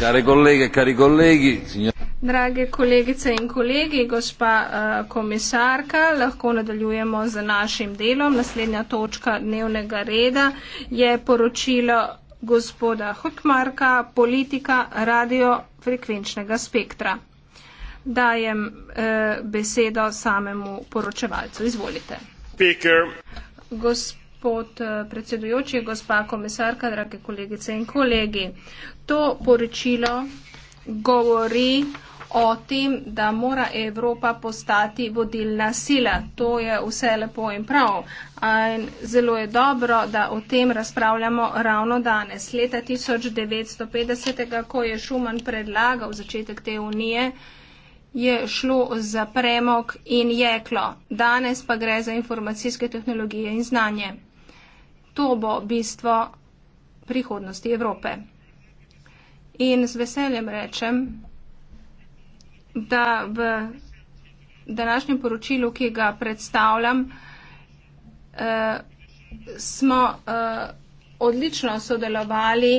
Care colleghe e cari colleghi, signor... Drage kolegice in kolegi, gospa uh, komisarka, lahko nadaljujemo z našim delom. Naslednja točka dnevnega reda je poročilo gospoda Hutmarka, politika radiofrekvenčnega spektra. Dajem uh, besedo samemu poročevalcu. Izvolite. Speaker. Gosp gospod predsedujoči, gospa komisarka, drage kolegice in kolegi. To poročilo govori o tem, da mora Evropa postati vodilna sila. To je vse lepo in prav. In zelo je dobro, da o tem razpravljamo ravno danes. Leta 1950, ko je Šuman predlagal začetek te unije, je šlo za premog in jeklo. Danes pa gre za informacijske tehnologije in znanje. To bo bistvo prihodnosti Evrope. In z veseljem rečem, da v današnjem poročilu, ki ga predstavljam, eh, smo eh, odlično sodelovali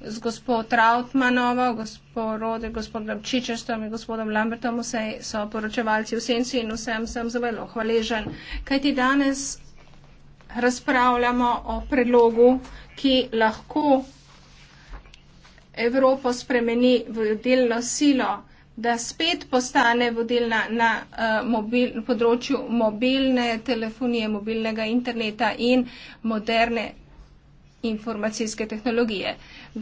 z gospod Trautmanovo, gospod Rode, gospod Lamčičestom in gospodom Lambertom, vse so poročevalci v senci in vsem sem zelo hvaležen. Kajti danes razpravljamo o predlogu, ki lahko Evropo spremeni v delno silo, da spet postane vodilna na uh, mobil, področju mobilne telefonije, mobilnega interneta in moderne informacijske tehnologije.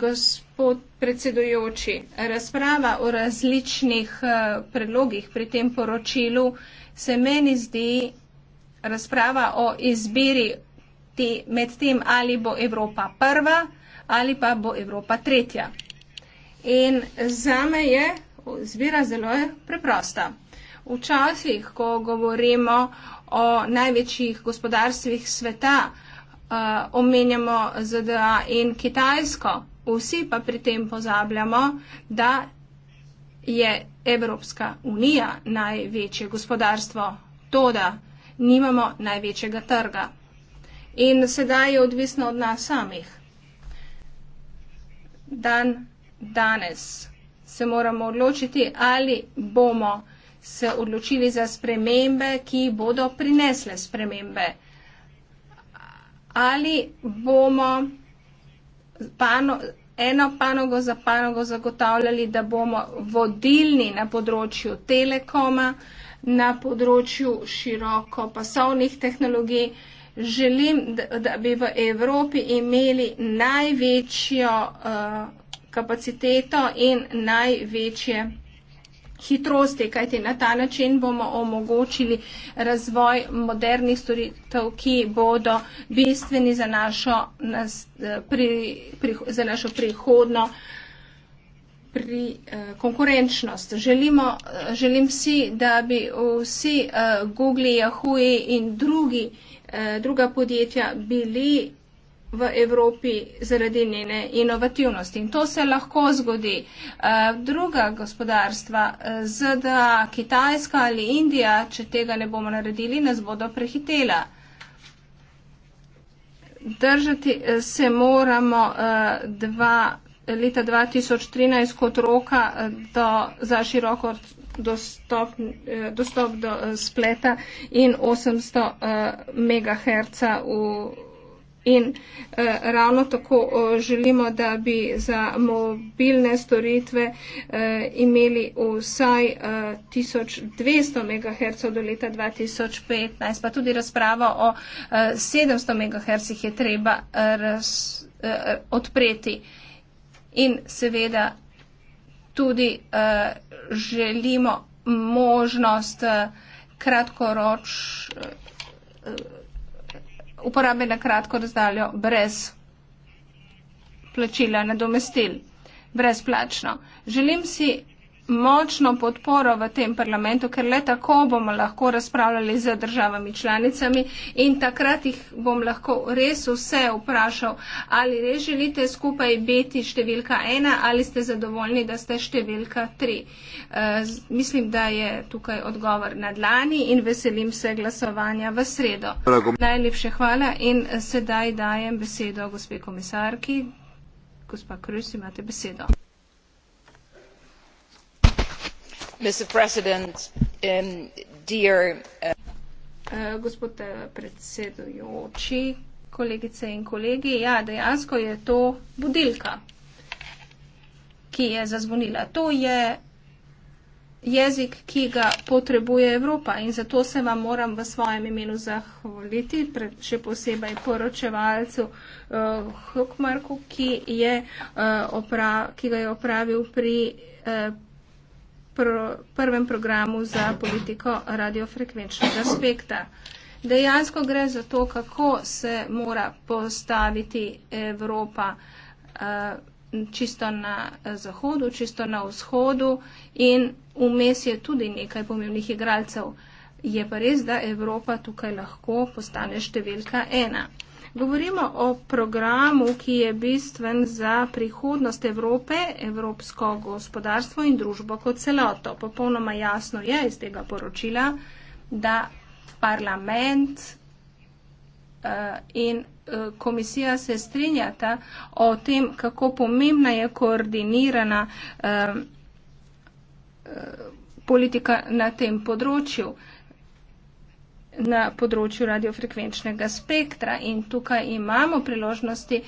Gospod predsedujoči, razprava o različnih uh, predlogih pri tem poročilu se meni zdi razprava o izbiri te, med tem, ali bo Evropa prva ali pa bo Evropa tretja. In za me je izbira zelo je preprosta. Včasih, ko govorimo o največjih gospodarstvih sveta, uh, omenjamo ZDA in Kitajsko, vsi pa pri tem pozabljamo, da je Evropska unija največje gospodarstvo. Toda nimamo največjega trga. In sedaj je odvisno od nas samih. Dan danes se moramo odločiti, ali bomo se odločili za spremembe, ki bodo prinesle spremembe. Ali bomo pano, eno panogo za panogo zagotavljali, da bomo vodilni na področju telekoma, na področju široko pasovnih tehnologij. Želim, da bi v Evropi imeli največjo uh, kapaciteto in največje hitrosti, kajti na ta način bomo omogočili razvoj modernih storitev, ki bodo bistveni za našo, nas, eh, pri, pri, za našo prihodno uh, pri uh, konkurenčnost. Želimo, uh, želim si, da bi vsi uh, Google, Yahoo in drugi, uh, druga podjetja bili v Evropi zaradi njene inovativnosti. In to se lahko zgodi. Uh, druga gospodarstva, uh, ZDA, Kitajska ali Indija, če tega ne bomo naredili, nas bodo prehitela. Držati se moramo uh, dva leta 2013 kot roka eh, do, za široko dostop, eh, dostop do eh, spleta in 800 MHz. In ravno tako želimo, da bi za mobilne storitve imeli vsaj 1200 MHz do leta 2015, pa tudi razprava o 700 MHz je treba odpreti in seveda tudi uh, želimo možnost uh, kratkoroč, uh, uporabe na kratko razdaljo brez plačila nadomestil, brezplačno. Želim si močno podporo v tem parlamentu, ker le tako bomo lahko razpravljali z državami članicami in takrat jih bom lahko res vse vprašal, ali res želite skupaj biti številka ena ali ste zadovoljni, da ste številka tri. E, mislim, da je tukaj odgovor na dlani in veselim se glasovanja v sredo. Drago. Najlepše hvala in sedaj dajem besedo gospe komisarki. Gospa Krus, imate besedo. mr president um, dear uh, gospod eh, predsedujoči kolegice in kolegi ja dejansko je to budilka ki je zazvonila to je jezik ki ga potrebuje evropa in zato se vam moram v svojem imenu zahvaliti pred še posebej poročevalcu uh, eh, Hukmarku ki je uh, opra ki ga je opravil pri uh, pro, prvem programu za politiko radiofrekvenčnega spektra. Dejansko gre za to, kako se mora postaviti Evropa eh, čisto na eh, zahodu, čisto na vzhodu in vmes je tudi nekaj pomembnih igralcev. Je pa res, da Evropa tukaj lahko postane številka ena. Govorimo o programu, ki je bistven za prihodnost Evrope, evropsko gospodarstvo in družbo kot celoto. Popolnoma jasno je iz tega poročila, da parlament eh, in eh, komisija se strinjata o tem, kako pomembna je koordinirana eh, politika na tem področju na področju radiofrekvenčnega spektra in tukaj imamo priložnosti,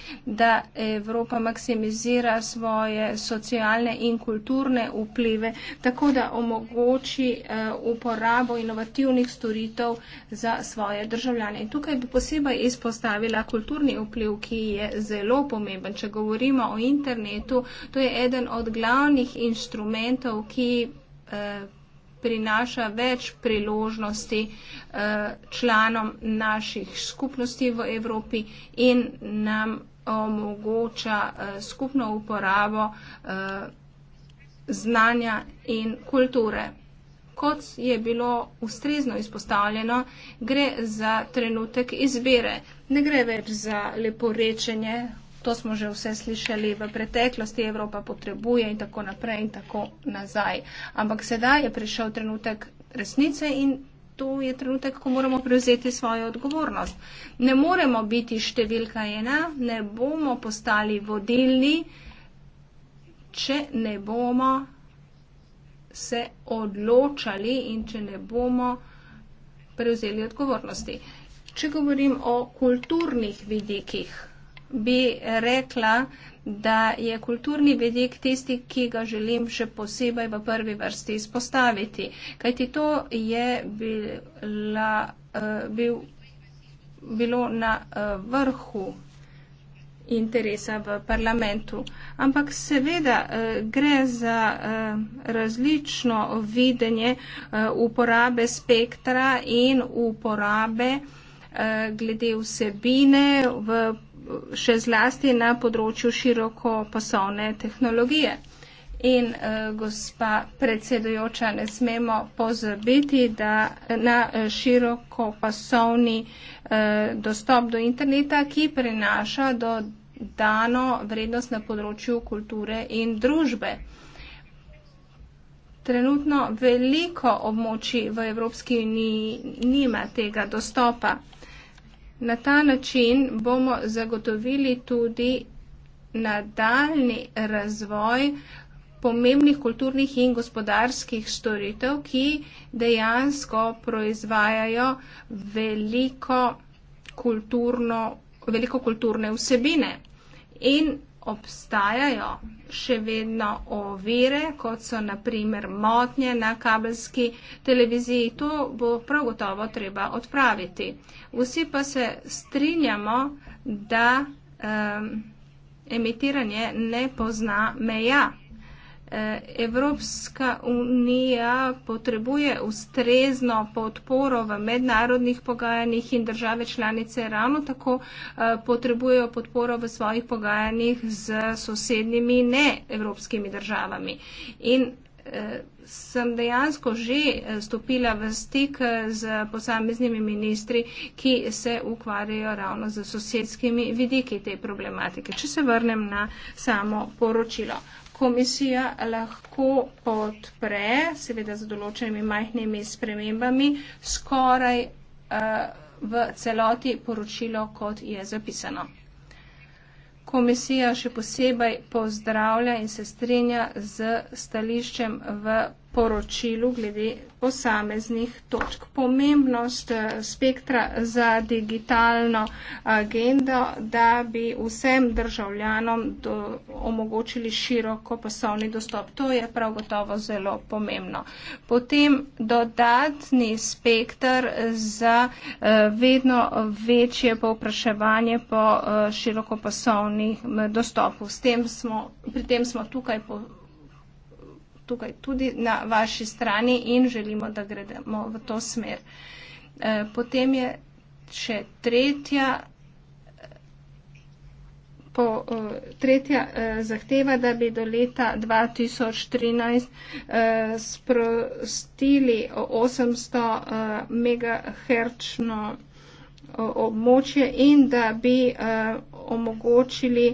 da Evropa maksimizira svoje socialne in kulturne vplive, tako da omogoči eh, uporabo inovativnih storitev za svoje državljane. In tukaj bi posebej izpostavila kulturni vpliv, ki je zelo pomemben. Če govorimo o internetu, to je eden od glavnih inštrumentov, ki eh, prinaša več priložnosti eh, članom naših skupnosti v Evropi in nam omogoča eh, skupno uporabo eh, znanja in kulture. Kot je bilo ustrezno izpostavljeno, gre za trenutek izbire. Ne gre več za leporečenje, To smo že vse slišali v preteklosti, Evropa potrebuje in tako naprej in tako nazaj. Ampak sedaj je prišel trenutek resnice in to je trenutek, ko moramo prevzeti svojo odgovornost. Ne moremo biti številka ena, ne bomo postali vodilni, če ne bomo se odločali in če ne bomo prevzeli odgovornosti. Če govorim o kulturnih vidikih, bi rekla, da je kulturni vedik tisti, ki ga želim še posebej v prvi vrsti izpostaviti. Kajti to je bila, eh, bil, bilo na eh, vrhu interesa v parlamentu. Ampak seveda eh, gre za različno videnje uporabe spektra in uporabe glede vsebine v še zlasti na področju širokopasovne tehnologije. In eh, gospa predsedujoča, ne smemo pozabiti, da na eh, širokopasovni eh, dostop do interneta, ki prenaša do dano vrednost na področju kulture in družbe. Trenutno veliko območij v Evropski uniji nima tega dostopa. Na ta način bomo zagotovili tudi nadaljni razvoj pomembnih kulturnih in gospodarskih storitev, ki dejansko proizvajajo veliko, kulturno, veliko kulturne vsebine. In obstajajo še vedno ovire, kot so naprimer motnje na kabelski televiziji, to bo prav gotovo treba odpraviti. Vsi pa se strinjamo, da um, emitiranje ne pozna meja. Eh, Evropska unija potrebuje ustrezno podporo v mednarodnih pogajanjih in države članice ravno tako eh, potrebujejo podporo v svojih pogajanjih z sosednjimi neevropskimi državami. In eh, sem dejansko že stopila v stik z posameznimi ministri, ki se ukvarjajo ravno z sosedskimi vidiki te problematike. Če se vrnem na samo poročilo komisija lahko podpre, seveda z določenimi majhnimi spremembami, skoraj eh, v celoti poročilo, kot je zapisano. Komisija še posebej pozdravlja in se strinja z stališčem v poročilu glede posameznih točk. Pomembnost eh, spektra za digitalno agendo, da bi vsem državljanom do, omogočili široko poslovni dostop. To je prav gotovo zelo pomembno. Potem dodatni spektr za eh, vedno večje povpraševanje po eh, široko poslovnih dostopu. Tem smo, pri tem smo tukaj. Po, tukaj tudi na vaši strani in želimo, da gremo v to smer. E, potem je še tretja, po, e, tretja e, zahteva, da bi do leta 2013 sprostili 800 megahertzno območje in da bi omogočili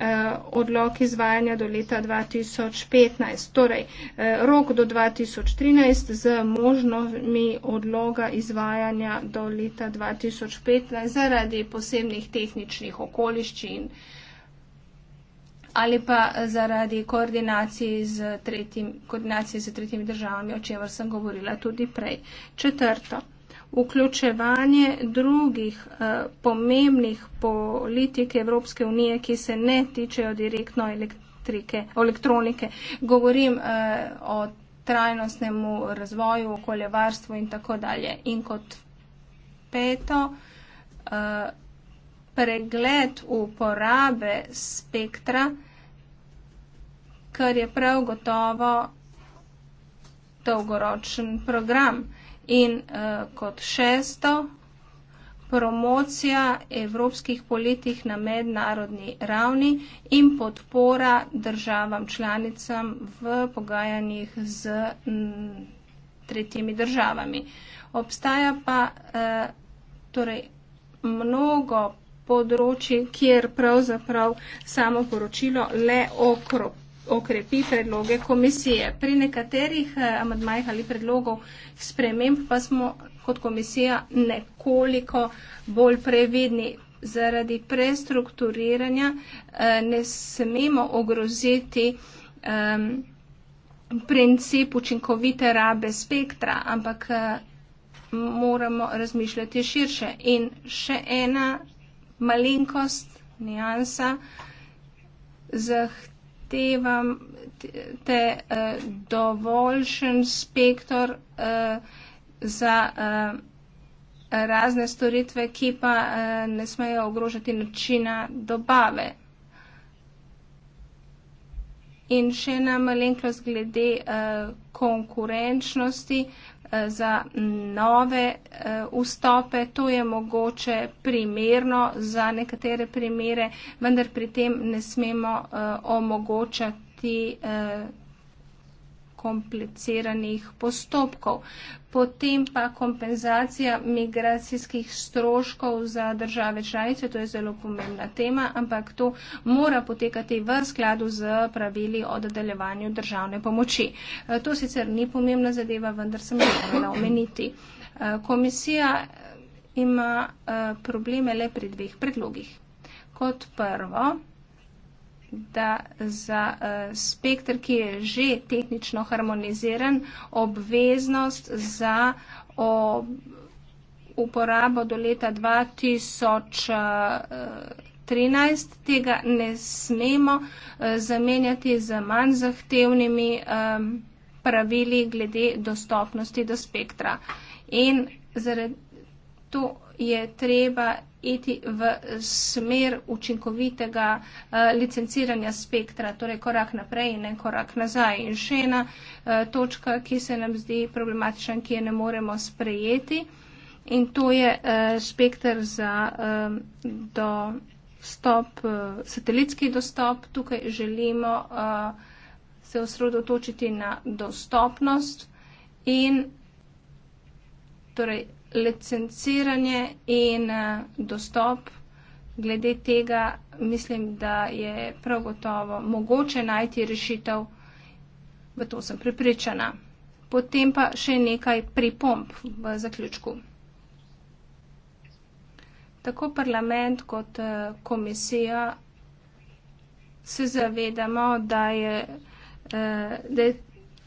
Eh, odlok izvajanja do leta 2015. Torej, eh, rok do 2013 z možnostmi odloga izvajanja do leta 2015 zaradi posebnih tehničnih okoliščin ali pa zaradi koordinacije z, tretjim, koordinacije z tretjimi državami, o čemer sem govorila tudi prej. Četrto vključevanje drugih eh, pomembnih politik Evropske unije, ki se ne tičejo direktno elektrike, elektronike. Govorim eh, o trajnostnemu razvoju, okoljevarstvu in tako dalje. In kot peto, eh, pregled uporabe spektra, kar je prav gotovo dolgoročen program. In uh, kot šesto, promocija evropskih politik na mednarodni ravni in podpora državam članicam v pogajanjih z m, tretjimi državami. Obstaja pa uh, torej mnogo področji, kjer pravzaprav samo poročilo le okrog okrepi predloge komisije. Pri nekaterih eh, amadmajih ali predlogov sprememb pa smo kot komisija nekoliko bolj previdni. Zaradi prestrukturiranja eh, ne smemo ogroziti princip učinkovite rabe spektra, ampak eh, moramo razmišljati širše. In še ena malenkost, nijansa, zahtevajo upoštevam te uh, dovoljšen spektr uh, eh, za uh, razne storitve, ki pa uh, ne smejo ogrožati načina dobave. In še ena malenkost glede uh, konkurenčnosti za nove eh, vstope. To je mogoče primerno za nekatere primere, vendar pri tem ne smemo eh, omogočati eh, kompliciranih postopkov. Potem pa kompenzacija migracijskih stroškov za države članice, to je zelo pomembna tema, ampak to mora potekati v skladu z pravili o dodeljevanju državne pomoči. E, to sicer ni pomembna zadeva, vendar sem jo morala omeniti. E, komisija ima e, probleme le pri dveh predlogih. Kot prvo, da za uh, eh, spektr, ki je že tehnično harmoniziran, obveznost za ob uporabo do leta 2013 eh, tega ne smemo uh, zamenjati z manj zahtevnimi um, pravili glede dostopnosti do spektra. In zaradi to je treba iti v smer učinkovitega eh, licenciranja spektra, torej korak naprej in en korak nazaj. In še ena eh, točka, ki se nam zdi problematična in ki je ne moremo sprejeti, in to je eh, spektr za dostop, satelitski dostop. Tukaj želimo se osredotočiti na dostopnost in torej licenciranje in eh, dostop glede tega mislim, da je prav gotovo mogoče najti rešitev, v to sem pripričana. Potem pa še nekaj pripomp v zaključku. Tako parlament kot eh, komisija se zavedamo, da je, eh, da je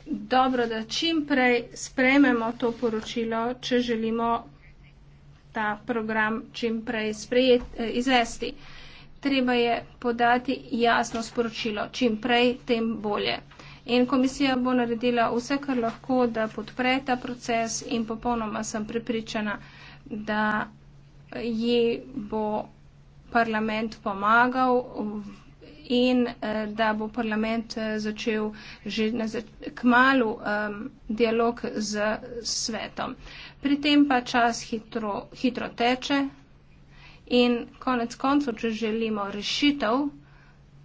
dobro, da čim prej sprejmemo to poročilo, če želimo ta program čim prej sprejet, eh, izvesti. Treba je podati jasno sporočilo. Čim prej, tem bolje. In komisija bo naredila vse, kar lahko, da podpre ta proces in popolnoma sem prepričana, da ji bo parlament pomagal in eh, da bo parlament eh, začel že na kmalu um, dialog z svetom. Pri tem pa čas hitro, hitro teče in konec koncev, če želimo rešitev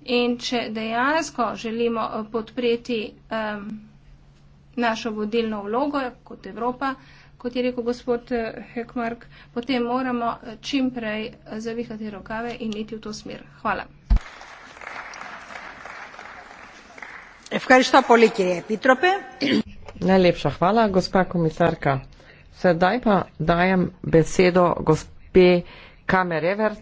in če dejansko želimo eh, podpreti um, našo vodilno vlogo kot Evropa, kot je rekel gospod Hekmark, potem moramo čimprej zavihati rokave in iti v to smer. Hvala. Ευχαριστώ πολύ κύριε Επίτροπε. Ναι, λίψα χβάλα, γοσπά κομισάρκα. Σε δάιπα, δάιαμ μπεσίδο γοσπή Καμερέβερτ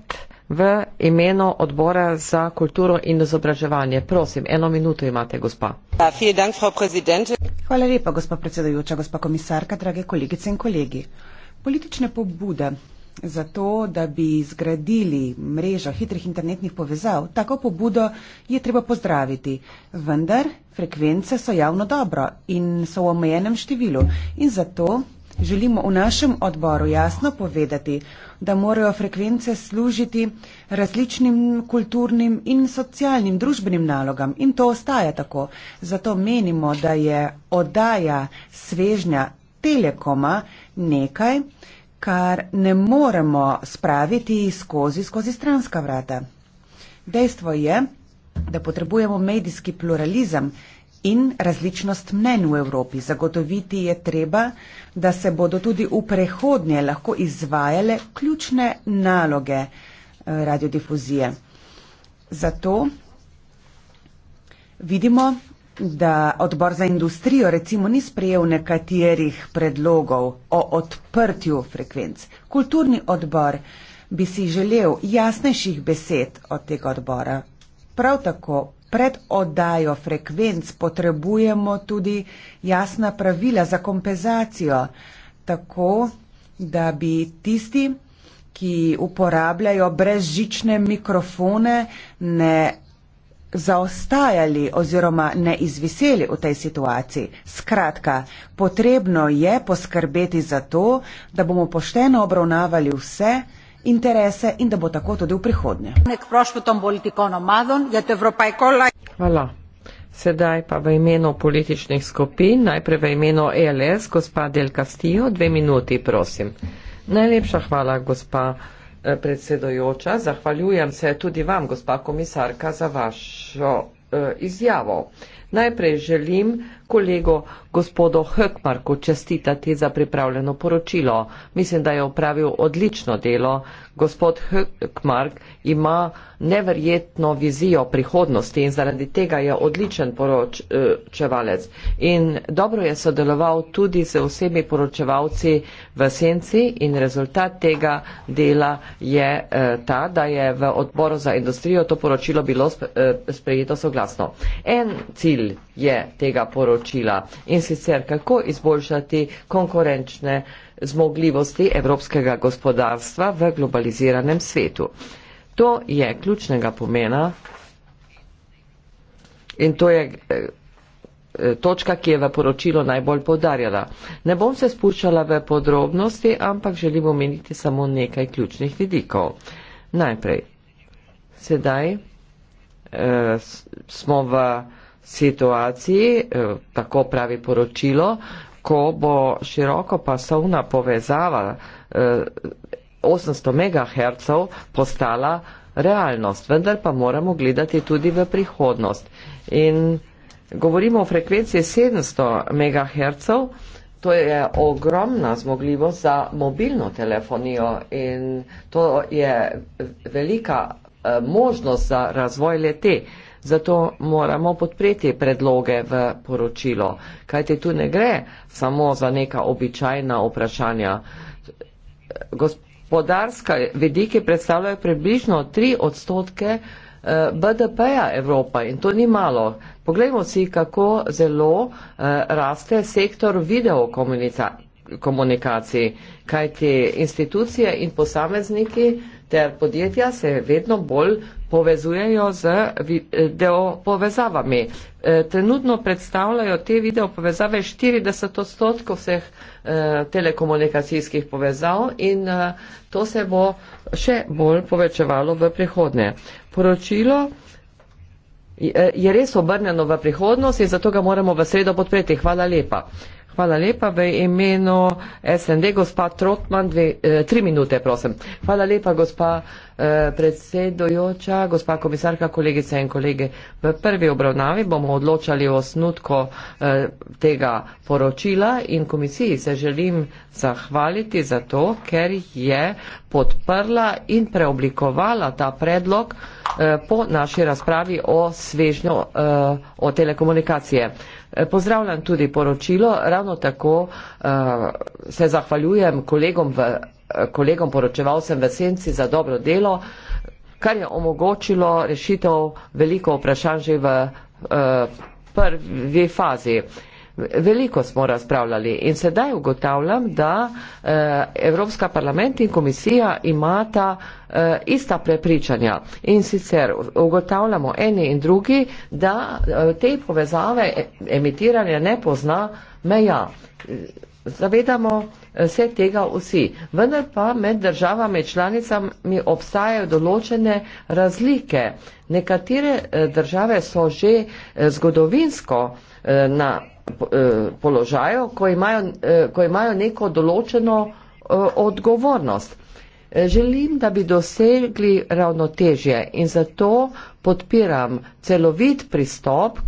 в имено Отбора за култура и изображавање. Просим, едно минуто имате, госпа. Да, фије данк, фрау президенте. Хвала липа, госпа председајуча, госпа комисарка, драге колегици и колеги. Политична побуда Zato, da bi zgradili mrežo hitrih internetnih povezav, tako pobudo je treba pozdraviti. Vendar frekvence so javno dobro in so v omejenem številu. In zato želimo v našem odboru jasno povedati, da morajo frekvence služiti različnim kulturnim in socialnim družbenim nalogam. In to ostaja tako. Zato menimo, da je oddaja svežnja Telekoma nekaj, kar ne moremo spraviti skozi, skozi stranska vrata. Dejstvo je, da potrebujemo medijski pluralizem in različnost mnen v Evropi. Zagotoviti je treba, da se bodo tudi v prehodnje lahko izvajale ključne naloge eh, radiodifuzije. Zato vidimo, da odbor za industrijo recimo ni sprejel nekaterih predlogov o odprtju frekvenc. Kulturni odbor bi si želel jasnejših besed od tega odbora. Prav tako pred oddajo frekvenc potrebujemo tudi jasna pravila za kompenzacijo, tako da bi tisti, ki uporabljajo brezžične mikrofone, ne zaostajali oziroma ne izviseli v tej situaciji. Skratka, potrebno je poskrbeti za to, da bomo pošteno obravnavali vse interese in da bo tako tudi v prihodnje. Hvala. Sedaj pa v imenu političnih skupin, najprej v imenu ELS, gospa Del Castillo, dve minuti, prosim. Najlepša hvala, gospa. Eh, predsedojoča. Zahvaljujem se tudi vam, gospa komisarka, za vašo eh, izjavo. Najprej želim kolego gospodu Hökmarku čestitati za pripravljeno poročilo. Mislim, da je upravil odlično delo. Gospod Hökmark ima neverjetno vizijo prihodnosti in zaradi tega je odličen poročevalec. In dobro je sodeloval tudi z vsemi poročevalci v Senci in rezultat tega dela je eh, ta, da je v odboru za industrijo to poročilo bilo eh, sprejeto soglasno. En cilj je tega poročila in sicer kako izboljšati konkurenčne zmogljivosti evropskega gospodarstva v globaliziranem svetu. To je ključnega pomena in to je eh, eh, točka, ki je v poročilo najbolj podarjala. Ne bom se spuščala v podrobnosti, ampak želim omeniti samo nekaj ključnih vidikov. Najprej, sedaj eh, smo v situaciji, eh, tako pravi poročilo, ko bo široko pasovna povezava 800 eh, MHz postala realnost. Vendar pa moramo gledati tudi v prihodnost. In govorimo o frekvenci 700 MHz, to je ogromna zmogljivost za mobilno telefonijo in to je velika eh, možnost za razvoj lete. Zato moramo podpreti predloge v poročilo, kajte tu ne gre samo za neka običajna vprašanja. Gospodarske vedike predstavljajo približno 3 odstotke eh, BDP-ja Evropa in to ni malo. Poglejmo si, kako zelo eh, raste sektor videokomunikacij, kajte institucije in posamezniki ter podjetja se vedno bolj povezujejo z eh, video povezavami. Eh, trenutno predstavljajo te video povezave 40 odstotkov vseh eh, telekomunikacijskih povezav in to se bo še bolj povečevalo v prihodnje. Poročilo je res obrnjeno v prihodnost in zato ga moramo v sredo podpreti. Hvala lepa. Hvala lepa v imenu SND, gospa Trotman, dve, eh, tri minute, prosim. Hvala lepa, gospa eh, predsedojoča, gospa komisarka, kolegice in kolege. V prvi obravnavi bomo odločali o snutko eh, tega poročila in komisiji se želim zahvaliti za to, ker je podprla in preoblikovala ta predlog eh, po naši razpravi o svežnju eh, o telekomunikacije. Eh, Eh, pozdravljam tudi poročilo, ravno tako uh, se zahvaljujem kolegom, v, eh, kolegom poročevalcem v Senci za dobro delo, kar je omogočilo rešitev veliko vprašanj že v uh, prvi fazi. Uh, Veliko smo razpravljali in sedaj ugotavljam, da eh, Evropska parlament in komisija imata eh, ista prepričanja. In sicer ugotavljamo eni in drugi, da eh, te povezave emitiranja ne pozna meja. Zavedamo se tega vsi. Vendar pa med državami članicami obstajajo določene razlike. Nekatere države so že zgodovinsko na Eh, položaju, ko imajo, eh, ko imajo neko določeno eh, odgovornost. Želim, da bi dosegli ravnotežje in zato podpiram celovit pristop,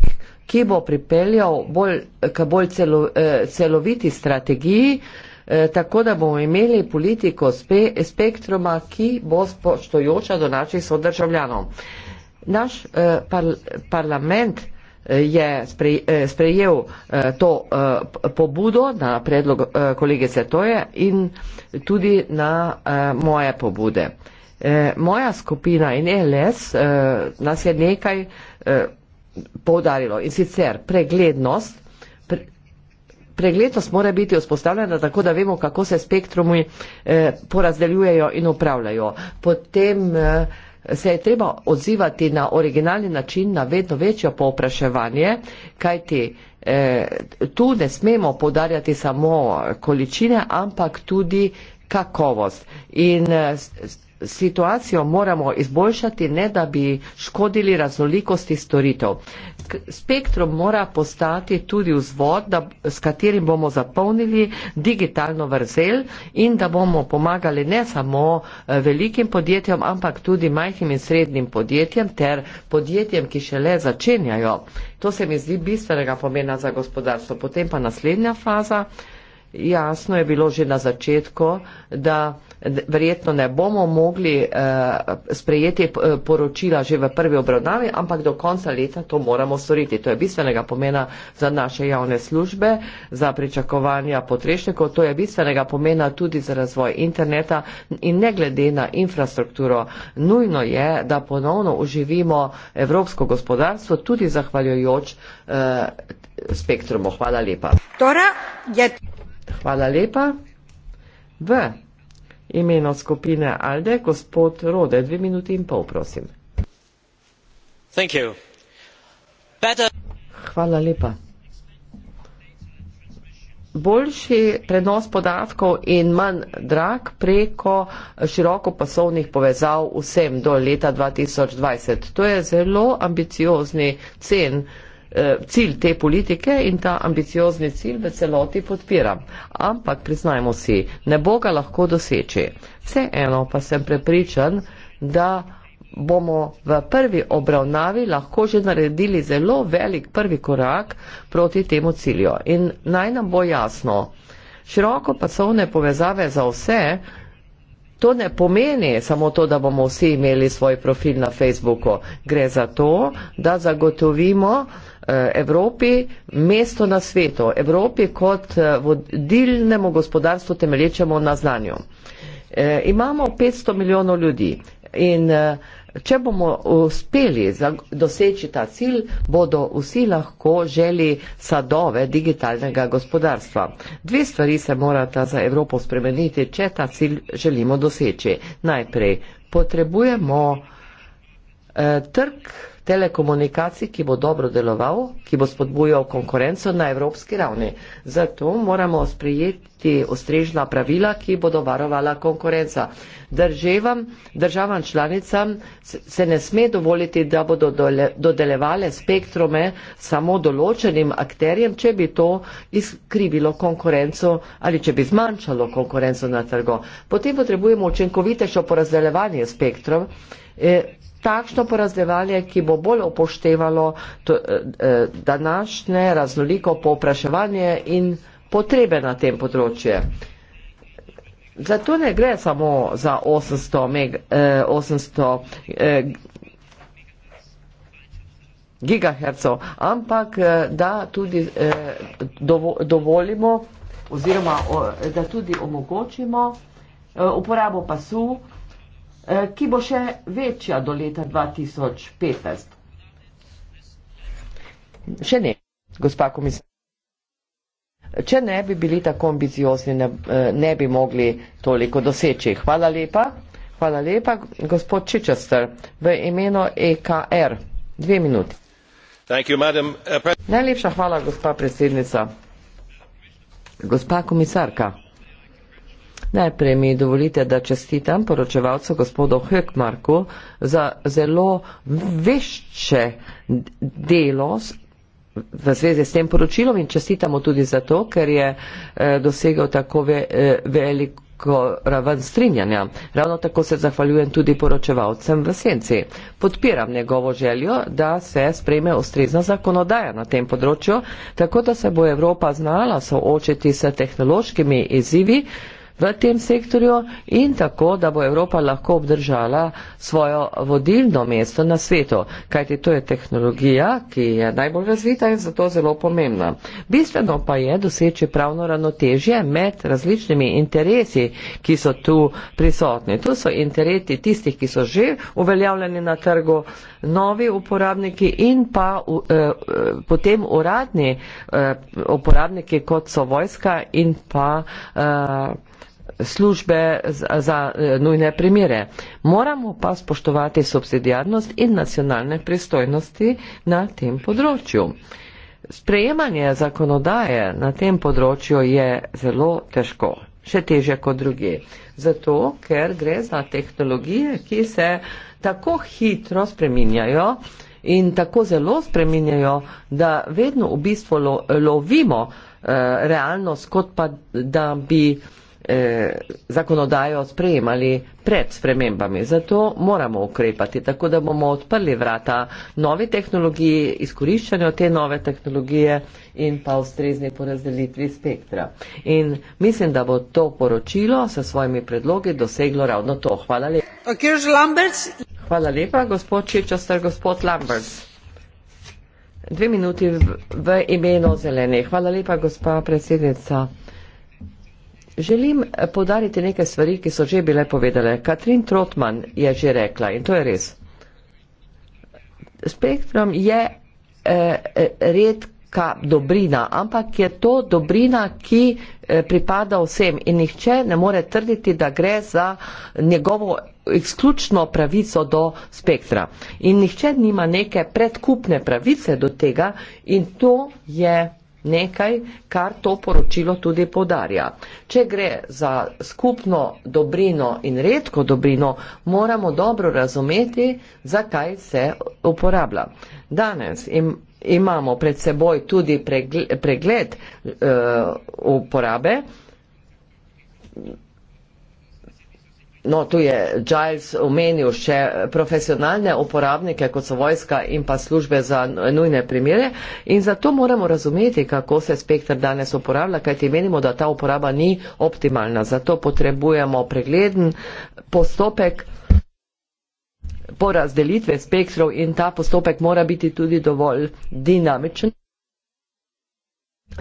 ki bo pripeljal bolj, k bolj celo, celoviti strategiji, tako da bomo imeli politiko spe, spektruma, ki bo spoštojoča do naših sodržavljanov. Naš par, parlament je eh, sprejel eh, to eh, pobudo na predlog kolegice Toje in tudi na moje pobude. Moja skupina in e LS nas je nekaj poudarilo in sicer preglednost, preglednost mora biti vzpostavljena tako, da vemo, kako se spektrumi porazdeljujejo in upravljajo. Potem se je treba odzivati na originalni način, na vedno večjo povpraševanje, kajti eh, tu ne smemo podarjati samo količine, ampak tudi kakovost. In eh, situacijo moramo izboljšati, ne da bi škodili raznolikosti storitev spektrum mora postati tudi vzvod, da, s katerim bomo zapolnili digitalno vrzel in da bomo pomagali ne samo eh, velikim podjetjem, ampak tudi majhnim in srednjim podjetjem ter podjetjem, ki šele začenjajo. To se mi zdi bistvenega pomena za gospodarstvo. Potem pa naslednja faza. Jasno je bilo že na začetku, da verjetno ne bomo mogli eh, sprejeti eh, poročila že v prvi obravnavi, ampak do konca leta to moramo storiti. To je bistvenega pomena za naše javne službe, za pričakovanja potrešnikov, to je bistvenega pomena tudi za razvoj interneta in ne glede na infrastrukturo. Nujno je, da ponovno uživimo evropsko gospodarstvo tudi zahvaljujoč eh, spektrumu. Hvala lepa. Hvala lepa. V imenu skupine Alde, gospod Rode, dve minuti in pol, prosim. Hvala lepa. Boljši prenos podatkov in manj drag preko širokopasovnih povezav vsem do leta 2020. To je zelo ambiciozni cen. Eh, cilj te politike in ta ambiciozni cilj v celoti podpiram. Ampak priznajmo si, ne bo ga lahko doseči. Vseeno pa sem prepričan, da bomo v prvi obravnavi lahko že naredili zelo velik prvi korak proti temu cilju. In naj nam bo jasno, široko pasovne povezave za vse, to ne pomeni samo to, da bomo vsi imeli svoj profil na Facebooku. Gre za to, da zagotovimo, Eh, Evropi, mesto na svetu, Evropi kot eh, vodilnemu gospodarstvu temelječemo na znanju. Eh, imamo 500 milijonov ljudi in če bomo uspeli doseči ta cilj, bodo vsi lahko želi sadove digitalnega gospodarstva. Dve stvari se morata za Evropo spremeniti, če ta cilj želimo doseči. Najprej potrebujemo Eh, trg telekomunikacij, ki bo dobro deloval, ki bo spodbujal konkurenco na evropski ravni. Zato moramo sprijeti ostrežna pravila, ki bodo varovala konkurenca. Državam, državam članicam se ne sme dovoliti, da bodo dodelevale spektrume samo določenim akterjem, če bi to izkrivilo konkurenco ali če bi zmanjšalo konkurenco na trgo. Potem potrebujemo učinkovitejšo porazdelevanje spektrov. Eh, takšno porazdevanje, ki bo bolj upoštevalo to, eh, eh današnje raznoliko popraševanje in potrebe na tem področju. Zato ne gre samo za 800, meg, eh, 800 eh, gigahercev, ampak eh, da tudi eh, dovo, dovolimo oziroma o, da tudi omogočimo eh, uporabo pasu. Eh, ki bo še večja do leta 2015. Še ne, gospa komisar. Če ne bi bili tako ambiciozni, ne, eh, ne bi mogli toliko doseči. Hvala lepa. Hvala lepa, gospod Čičester, v imenu EKR. Dve minuti. You, madam, uh, Najlepša hvala, gospa predsednica. Gospa komisarka. Najprej mi dovolite, da čestitam poročevalcu gospodu Hökmarku za zelo vešče delo v zvezi s tem poročilom in čestitamo tudi zato, ker je eh, dosegel tako eh, veliko raven strinjanja. Ravno tako se zahvaljujem tudi poročevalcem v senci. Podpiram njegovo željo, da se spreme ustrezna zakonodaja na tem področju, tako da se bo Evropa znala soočiti s tehnološkimi izzivi, v tem sektorju in tako, da bo Evropa lahko obdržala svojo vodilno mesto na svetu, kajti to je tehnologija, ki je najbolj razvita in zato zelo pomembna. Bistveno pa je doseči pravno ravnotežje med različnimi interesi, ki so tu prisotni. Tu so interesi tistih, ki so že uveljavljeni na trgu, novi uporabniki in pa eh, potem uradni eh, uporabniki, kot so vojska in pa eh, službe za, za eh, nujne primere. Moramo pa spoštovati subsidijarnost in nacionalne pristojnosti na tem področju. Sprejemanje zakonodaje na tem področju je zelo težko, še teže kot druge. Zato, ker gre za tehnologije, ki se tako hitro spreminjajo in tako zelo spreminjajo, da vedno v bistvu lo, lovimo eh, realnost, kot pa da bi eh, eh, zakonodajo sprejemali pred spremembami. Zato moramo ukrepati, tako da bomo odprli vrata nove tehnologije, izkoriščanju te nove tehnologije in pa ustrezni porazdelitvi spektra. In mislim, da bo to poročilo s svojimi predlogi doseglo ravno to. Hvala lepa. Hvala lepa, gospod Čečastr, gospod Lamberts. Dve minuti v, v imenu zelene. Hvala lepa, gospa predsednica. Želim eh, podariti nekaj stvari, ki so že bile povedale. Katrin Trotman je že rekla in to je res. Spektrum je eh, eh, redka dobrina, ampak je to dobrina, ki eh, pripada vsem in nihče ne more trditi, da gre za njegovo izključno pravico do spektra. In nihče nima neke predkupne pravice do tega in to je nekaj, kar to poročilo tudi podarja. Če gre za skupno dobrino in redko dobrino, moramo dobro razumeti, zakaj se uporablja. Danes im, imamo pred seboj tudi pregled, pregled uh, uporabe No, tu je Giles omenil še profesionalne uporabnike, kot so vojska in pa službe za nujne primere. In zato moramo razumeti, kako se spektr danes uporablja, kajti menimo, da ta uporaba ni optimalna. Zato potrebujemo pregleden postopek porazdelitve spektrov in ta postopek mora biti tudi dovolj dinamičen.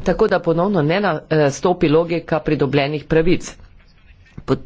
Tako da ponovno ne nastopi logika pridobljenih pravic. Pot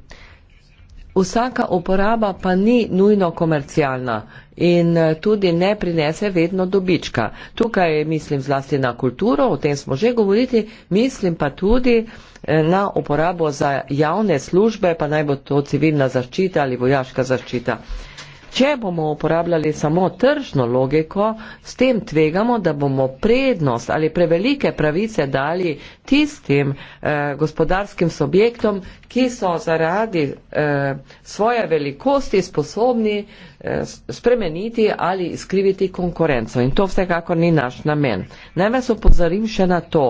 vsaka uporaba pa ni nujno komercialna in eh, tudi ne prinese vedno dobička. Tukaj mislim zlasti na kulturo, o tem smo že govorili, mislim pa tudi eh, na uporabo za javne službe, pa naj bo to civilna zaščita ali vojaška zaščita. Uh, Če bomo uporabljali samo tržno logiko, s tem tvegamo, da bomo prednost ali prevelike pravice dali tistim eh, gospodarskim subjektom, ki so zaradi eh, svoje velikosti sposobni eh, spremeniti ali skriviti konkurenco. In to vsekakor ni naš namen. Naj vas opozorim še na to.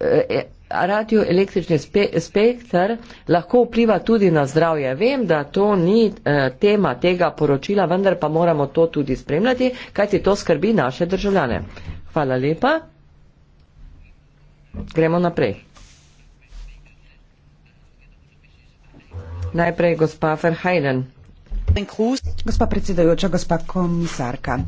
Eh, eh, radioelektrični spe, spektr lahko vpliva tudi na zdravje. Vem, da to ni eh, tema tega poročila, vendar pa moramo to tudi spremljati, kajti to skrbi naše državljane. Hvala lepa. Gremo naprej. Najprej gospa Ferhajden. Gospa predsedajoča, gospa komisarka.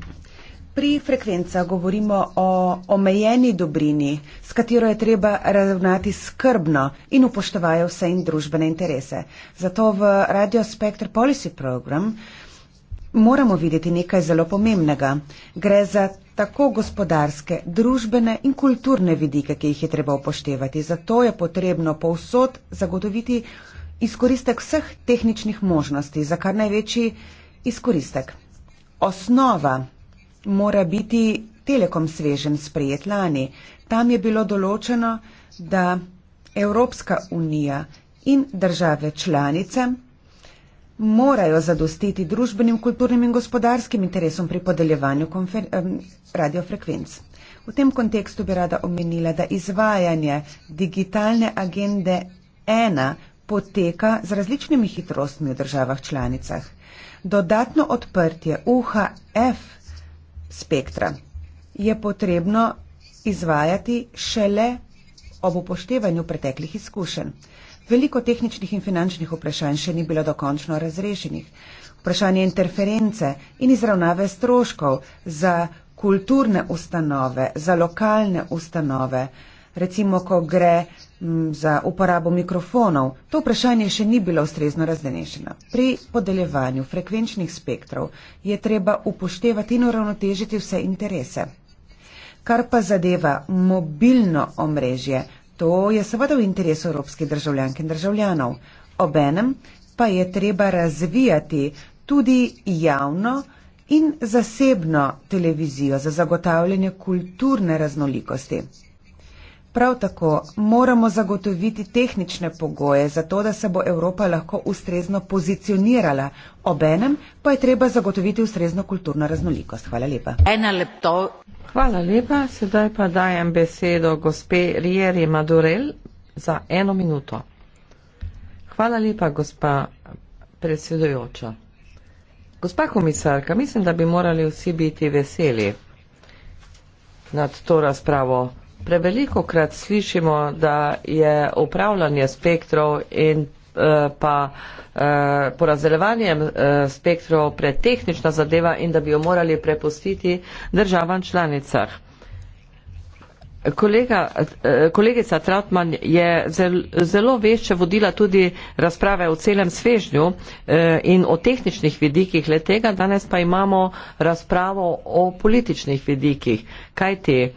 Pri frekvencah govorimo o omejeni dobrini, s katero je treba ravnati skrbno in upoštevajo vse in družbene interese. Zato v Radio Spectr Policy Program moramo videti nekaj zelo pomembnega. Gre za tako gospodarske, družbene in kulturne vidike, ki jih je treba upoštevati. Zato je potrebno povsod zagotoviti izkoristek vseh tehničnih možnosti, za kar največji izkoristek. Osnova mora biti Telekom svežen sprejet lani. Tam je bilo določeno, da Evropska unija in države članice morajo zadostiti družbenim, kulturnim in gospodarskim interesom pri podeljevanju radiofrekvenc. V tem kontekstu bi rada omenila, da izvajanje digitalne agende ena poteka z različnimi hitrostmi v državah članicah. Dodatno odprtje UHF spektra, je potrebno izvajati šele ob upoštevanju preteklih izkušenj. Veliko tehničnih in finančnih vprašanj še ni bilo dokončno razrešenih. Vprašanje interference in izravnave stroškov za kulturne ustanove, za lokalne ustanove, recimo, ko gre za uporabo mikrofonov. To vprašanje še ni bilo ustrezno razdenešeno. Pri podeljevanju frekvenčnih spektrov je treba upoštevati in uravnotežiti vse interese. Kar pa zadeva mobilno omrežje, to je seveda v interesu evropskih državljank in državljanov. Obenem pa je treba razvijati tudi javno in zasebno televizijo za zagotavljanje kulturne raznolikosti. Prav tako moramo zagotoviti tehnične pogoje za to, da se bo Evropa lahko ustrezno pozicionirala, obenem pa je treba zagotoviti ustrezno kulturno raznolikost. Hvala lepa. Hvala lepa. Sedaj pa dajem besedo gospe Rieri Madurel za eno minuto. Hvala lepa, gospa predsedujoča. Gospa komisarka, mislim, da bi morali vsi biti veseli nad to razpravo Preveliko krat slišimo, da je upravljanje spektrov in eh, pa eh, porazdeljevanje eh, spektrov pretehnična zadeva in da bi jo morali prepustiti državam članicah. Kolega, kolegica Trautmann je zelo vešče vodila tudi razprave o celem svežnju in o tehničnih vidikih letega, danes pa imamo razpravo o političnih vidikih. Kaj ti je?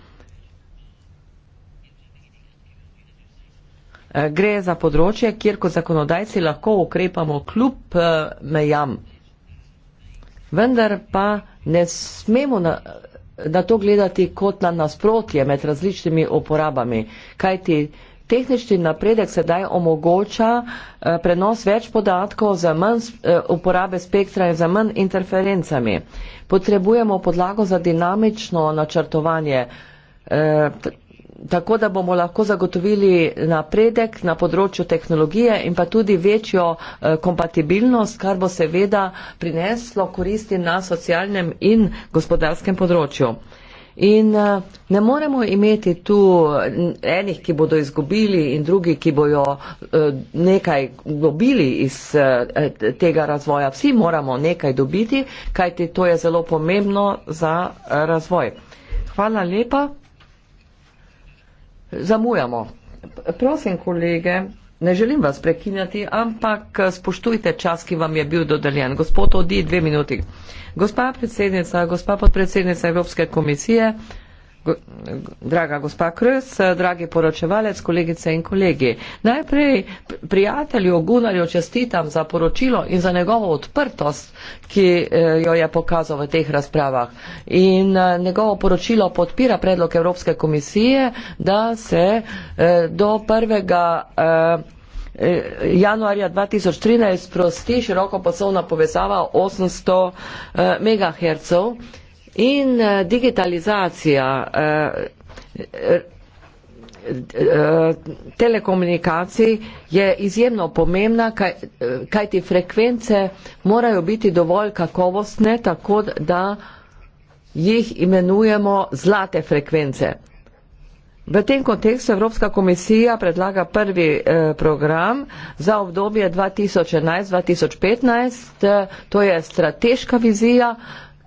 Eh, gre za področje, kjer kot zakonodajci lahko ukrepamo kljub eh, mejam. Vendar pa ne smemo na, na to gledati kot na nasprotje med različnimi uporabami, kajti tehnični napredek sedaj omogoča eh, prenos več podatkov za manj uporabe spektra in za manj interferencami. Potrebujemo podlago za dinamično načrtovanje tako da bomo lahko zagotovili napredek na področju tehnologije in pa tudi večjo eh, kompatibilnost, kar bo seveda prineslo koristi na socialnem in gospodarskem področju. In eh, ne moremo imeti tu eh, enih, ki bodo izgubili in drugi, ki bojo nekaj dobili iz tega razvoja. Vsi moramo nekaj dobiti, kajti to je zelo pomembno za razvoj. Hvala lepa zamujamo. Prosim, kolege, ne želim vas prekinjati, ampak eh, spoštujte čas, ki vam je bil dodeljen. Gospod, odi dve minuti. Gospa predsednica, gospa podpredsednica Evropske komisije, draga gospa Krs, dragi poročevalec, kolegice in kolegi. Najprej prijatelju Gunarju čestitam za poročilo in za njegovo odprtost, ki eh, jo je pokazal v teh razpravah. In eh, njegovo poročilo podpira predlog Evropske komisije, da se eh, do 1. januarja 2013 prosti široko poslovna povezava 800 MHz In uh, digitalizacija, uh, uh, telekomunikacij je izjemno pomembna, kaj, kaj ti frekvence morajo biti dovolj kakovostne, tako da jih imenujemo zlate frekvence. V tem kontekstu Evropska komisija predlaga prvi eh, program za obdobje 2011-2015, to je strateška vizija,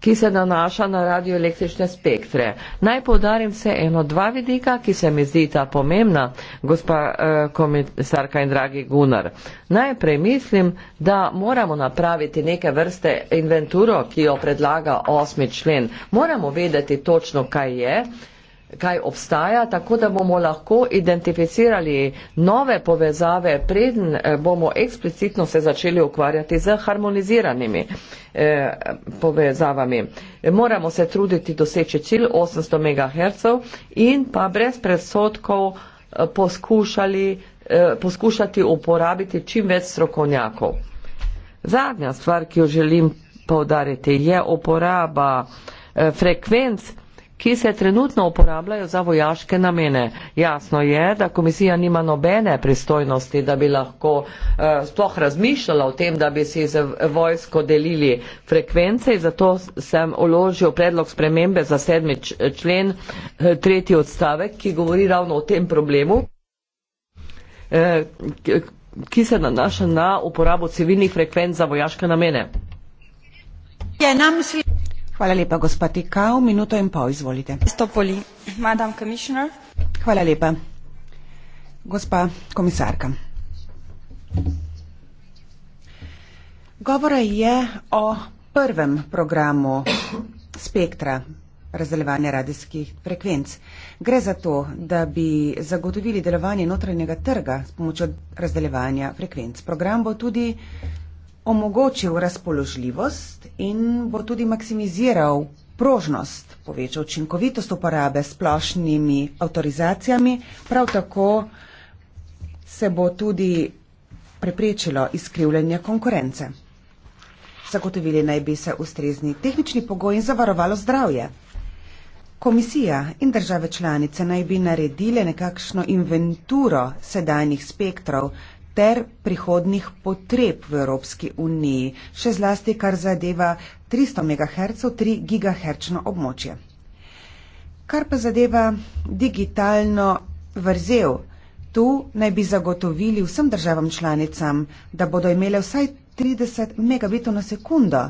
ki se nanaša na radioelektrične spektre. Naj povdarim se eno dva vidika, ki se mi zdi ta pomembna, gospa eh, komisarka in dragi Gunar. Najprej mislim, da moramo napraviti neke vrste inventuro, ki jo predlaga osmi člen. Moramo vedeti točno, kaj je kaj obstaja, tako da bomo lahko identificirali nove povezave, preden eh, bomo eksplicitno se začeli ukvarjati z harmoniziranimi eh, povezavami. Moramo se truditi doseči cilj 800 MHz in pa brez predsotkov eh, poskušali, poskušati uporabiti čim več strokovnjakov. Zadnja stvar, ki jo želim povdariti, je uporaba frekvenc ki se trenutno uporabljajo za vojaške namene. Jasno je, da komisija nima nobene pristojnosti, da bi lahko eh, sploh razmišljala o tem, da bi si z vojsko delili frekvence. Zato sem uložil predlog spremembe za sedmi člen, eh, tretji odstavek, ki govori ravno o tem problemu. Eh, ki se nanaša na uporabo civilnih frekvenc za vojaške namene. Hvala lepa, gospa Tikal. Minuto in pol, izvolite. Hvala lepa. Gospa komisarka. Govora je o prvem programu spektra razdeljevanja radijskih frekvenc. Gre za to, da bi zagotovili delovanje notranjega trga s pomočjo razdeljevanja frekvenc. Program bo tudi omogočil razpoložljivost in bo tudi maksimiziral prožnost, povečal učinkovitost uporabe splošnimi avtorizacijami, prav tako se bo tudi preprečilo izkrivljanje konkurence. Zagotovili naj bi se ustrezni tehnični pogoj in zavarovalo zdravje. Komisija in države članice naj bi naredile nekakšno inventuro sedajnih spektrov ter prihodnih potreb v Evropski uniji, še zlasti kar zadeva 300 MHz, 3 GHz območje. Kar pa zadeva digitalno vrzel, tu naj bi zagotovili vsem državam članicam, da bodo imele vsaj 30 megabitov na sekundo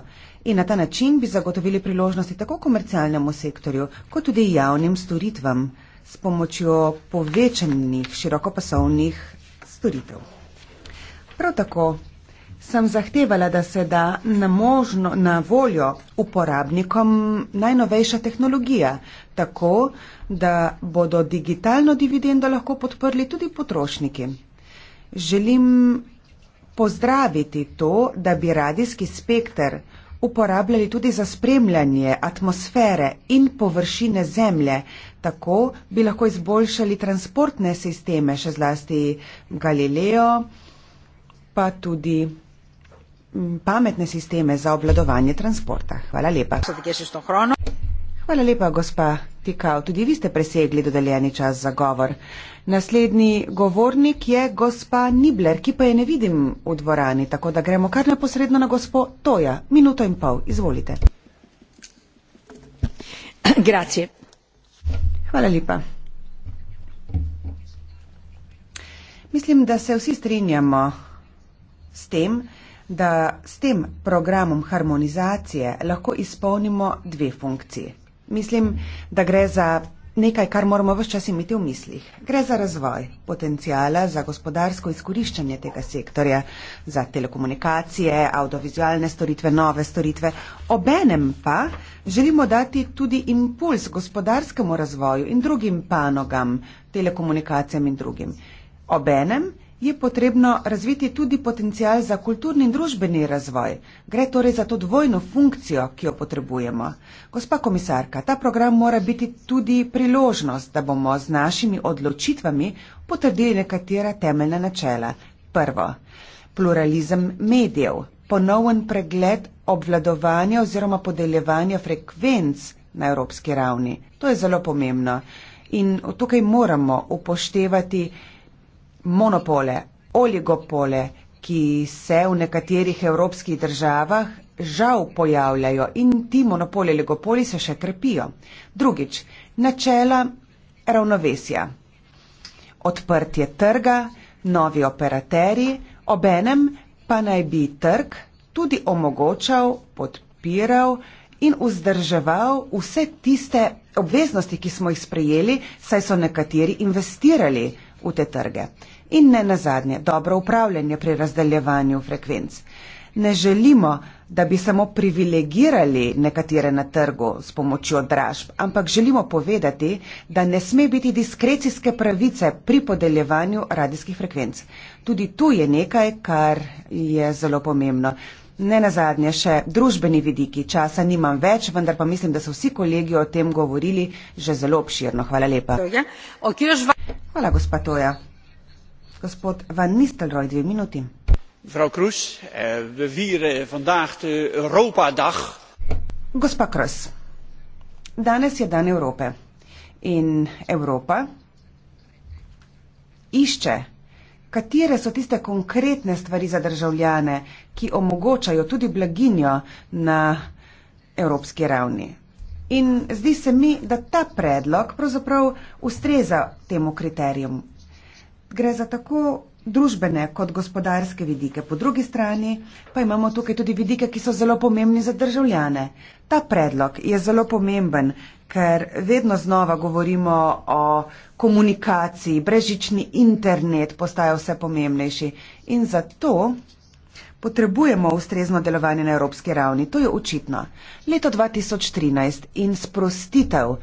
in na ta način bi zagotovili priložnosti tako komercialnemu sektorju, kot tudi javnim storitvam s pomočjo povečanih širokopasovnih storitev. Prav tako sem zahtevala, da se da na, možno, na voljo uporabnikom najnovejša tehnologija, tako da bodo digitalno dividendo lahko podprli tudi potrošniki. Želim pozdraviti to, da bi radijski spektr uporabljali tudi za spremljanje atmosfere in površine zemlje, tako bi lahko izboljšali transportne sisteme, še zlasti Galileo, pa tudi mm, pametne sisteme za obladovanje transporta. Hvala lepa. Hvala lepa, gospa Tikal. Tudi vi ste presegli dodeljeni čas za govor. Naslednji govornik je gospa Nibler, ki pa je ne vidim v dvorani, tako da gremo kar neposredno na gospo Toja. Minuto in pol. Izvolite. Grazie. Hvala lepa. Mislim, da se vsi strinjamo S tem, da s tem programom harmonizacije lahko izpolnimo dve funkciji. Mislim, da gre za nekaj, kar moramo vse čas imeti v mislih. Gre za razvoj potencijala za gospodarsko izkoriščanje tega sektorja, za telekomunikacije, audiovizualne storitve, nove storitve. Obenem pa želimo dati tudi impuls gospodarskemu razvoju in drugim panogam, telekomunikacijam in drugim. Obenem je potrebno razviti tudi potencial za kulturni in družbeni razvoj. Gre torej za to dvojno funkcijo, ki jo potrebujemo. Gospa komisarka, ta program mora biti tudi priložnost, da bomo z našimi odločitvami potrdili nekatera temeljna načela. Prvo, pluralizem medijev, ponoven pregled obvladovanja oziroma podeljevanja frekvenc na evropski ravni. To je zelo pomembno. In tukaj moramo upoštevati monopole, oligopole, ki se v nekaterih evropskih državah žal pojavljajo in ti monopoli, oligopoli se še krepijo. Drugič, načela ravnovesja. Odprtje trga, novi operateri, obenem pa naj bi trg tudi omogočal, podpiral in vzdrževal vse tiste obveznosti, ki smo jih sprejeli, saj so nekateri investirali v te trge in ne nazadnje dobro upravljanje pri razdeljevanju frekvenc. Ne želimo, da bi samo privilegirali nekatere na trgu s pomočjo dražb, ampak želimo povedati, da ne sme biti diskrecijske pravice pri podeljevanju radijskih frekvenc. Tudi tu je nekaj, kar je zelo pomembno. Ne nazadnje še družbeni vidiki. Časa nimam več, vendar pa mislim, da so vsi kolegi o tem govorili že zelo obširno. Hvala lepa. Hvala, gospa Toja. Gospod Van Nistelrooy, dvije minuti. Mevrouw Kroes, eh, we vieren vandaag de Europa-dag. Gospa Kroes, danes je dan Evrope. In Evropa išče, katere so tiste konkretne stvari za državljane, ki omogočajo tudi blaginjo na evropski ravni. In zdi se mi, da ta predlog pravzaprav ustreza temu kriterijum gre za tako družbene kot gospodarske vidike. Po drugi strani pa imamo tukaj tudi vidike, ki so zelo pomembni za državljane. Ta predlog je zelo pomemben, ker vedno znova govorimo o komunikaciji, brežični internet postaja vse pomembnejši in zato potrebujemo ustrezno delovanje na evropski ravni. To je očitno. Leto 2013 in sprostitev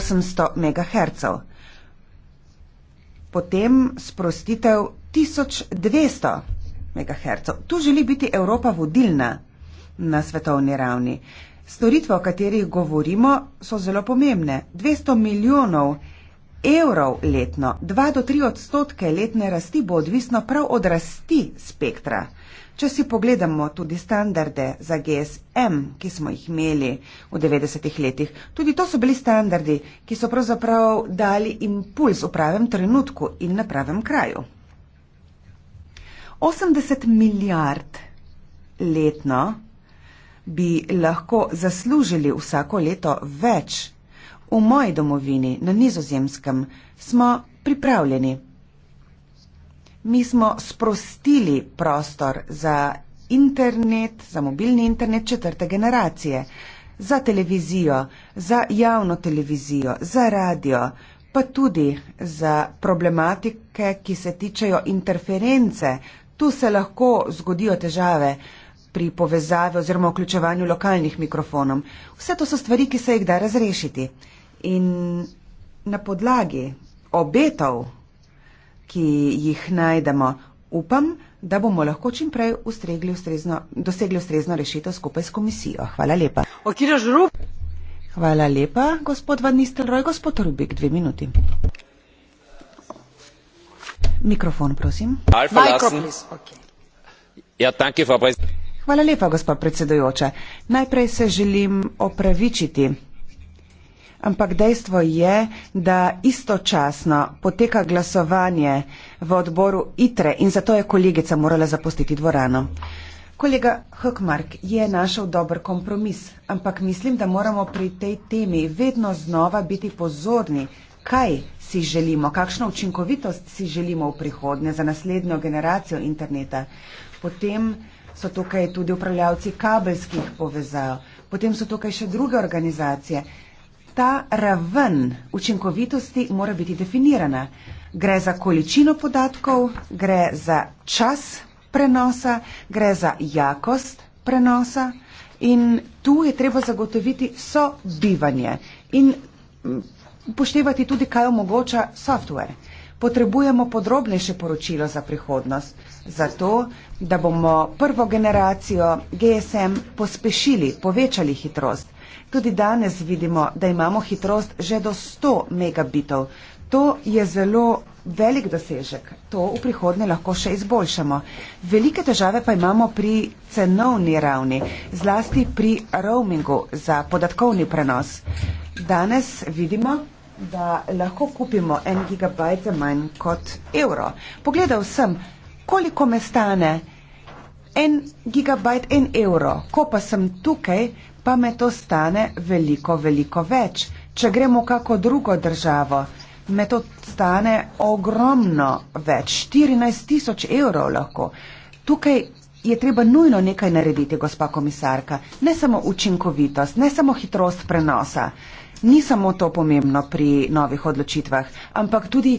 800 MHz potem sprostitev 1200 MHz. Tu želi biti Evropa vodilna na svetovni ravni. Storitve, o katerih govorimo, so zelo pomembne. 200 milijonov evrov letno. 2 do 3 odstotke letne rasti bo odvisno prav od rasti spektra. Če si pogledamo tudi standarde za GSM, ki smo jih imeli v 90-ih letih, tudi to so bili standardi, ki so pravzaprav dali impuls v pravem trenutku in na pravem kraju. 80 milijard letno bi lahko zaslužili vsako leto več v moji domovini, na nizozemskem, smo pripravljeni. Mi smo sprostili prostor za internet, za mobilni internet četrte generacije, za televizijo, za javno televizijo, za radio, pa tudi za problematike, ki se tičejo interference. Tu se lahko zgodijo težave pri povezavi oziroma vključevanju lokalnih mikrofonov. Vse to so stvari, ki se jih da razrešiti. In na podlagi obetov, ki jih najdemo, upam, da bomo lahko čim prej ustrezno, dosegli ustrezno rešitev skupaj s komisijo. Hvala lepa. Hvala lepa, gospod Van Nistelrooy. Gospod Rubik, dve minuti. Mikrofon, prosim. Ja, Hvala lepa, gospod predsedujoča. Najprej se želim opravičiti ampak dejstvo je, da istočasno poteka glasovanje v odboru ITRE in zato je kolegica morala zapustiti dvorano. Kolega Hökmark je našel dober kompromis, ampak mislim, da moramo pri tej temi vedno znova biti pozorni, kaj si želimo, kakšno učinkovitost si želimo v prihodnje za naslednjo generacijo interneta. Potem so tukaj tudi upravljavci kabelskih povezav, potem so tukaj še druge organizacije ta raven učinkovitosti mora biti definirana. Gre za količino podatkov, gre za čas prenosa, gre za jakost prenosa in tu je treba zagotoviti sobivanje in mm, upoštevati tudi, kaj omogoča software. Potrebujemo podrobnejše poročilo za prihodnost, zato da bomo prvo generacijo GSM pospešili, povečali hitrost. Tudi danes vidimo, da imamo hitrost že do 100 megabitov. To je zelo velik dosežek. To v prihodnje lahko še izboljšamo. Velike težave pa imamo pri cenovni ravni, zlasti pri roamingu za podatkovni prenos. Danes vidimo, da lahko kupimo en gigabajt za manj kot evro. Pogledal sem, koliko me stane en gigabajt, en evro. Ko pa sem tukaj, pa me to stane veliko, veliko več. Če gremo v kako drugo državo, me to stane ogromno več, 14 tisoč evrov lahko. Tukaj je treba nujno nekaj narediti, gospa komisarka. Ne samo učinkovitost, ne samo hitrost prenosa. Ni samo to pomembno pri novih odločitvah, ampak tudi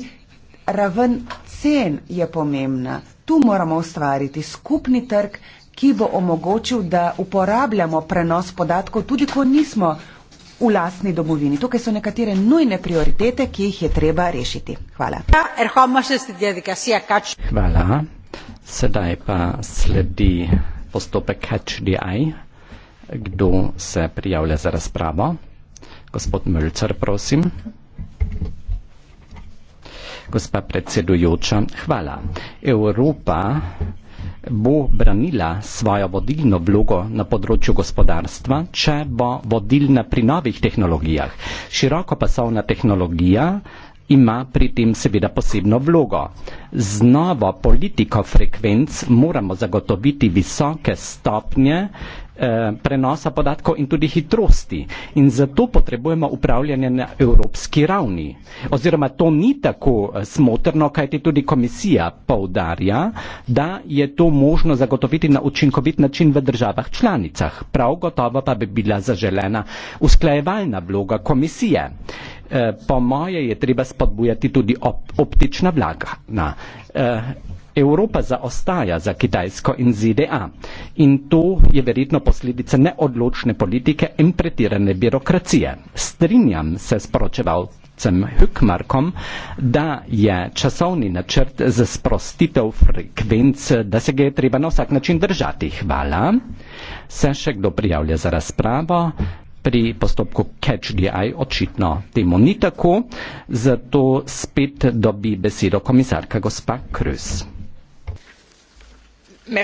raven cen je pomembna. Tu moramo ustvariti skupni trg, ki bo omogočil, da uporabljamo prenos podatkov tudi, ko nismo v lastni domovini. Tukaj so nekatere nujne prioritete, ki jih je treba rešiti. Hvala. Hvala. Sedaj pa sledi postopek HDI, kdo se prijavlja za razpravo. Gospod Mölcer, prosim. Gospa predsedujoča, hvala. Evropa bo branila svojo vodilno vlogo na področju gospodarstva, če bo vodilna pri novih tehnologijah. Širokopasovna tehnologija ima pri tem seveda posebno vlogo. Z novo politiko frekvenc moramo zagotoviti visoke stopnje Eh, prenosa podatkov in tudi hitrosti. In zato potrebujemo upravljanje na evropski ravni. Oziroma to ni tako eh, smotrno, kajti tudi komisija poudarja, da je to možno zagotoviti na učinkovit način v državah članicah. Prav gotovo pa bi bila zaželena usklajevalna vloga komisije. Eh, po moje je treba spodbujati tudi op optična vlaga. Na, Evropa zaostaja za Kitajsko in ZDA in to je verjetno posledica neodločne politike in pretirane birokracije. Strinjam se s poročevalcem Hükmarkom, da je časovni načrt za sprostitev frekvenc, da se ga je treba na vsak način držati. Hvala. Se še kdo prijavlja za razpravo? Pri postopku Catch the Eye očitno temu ni tako, zato spet dobi besedo komisarka gospa Krus. Euh,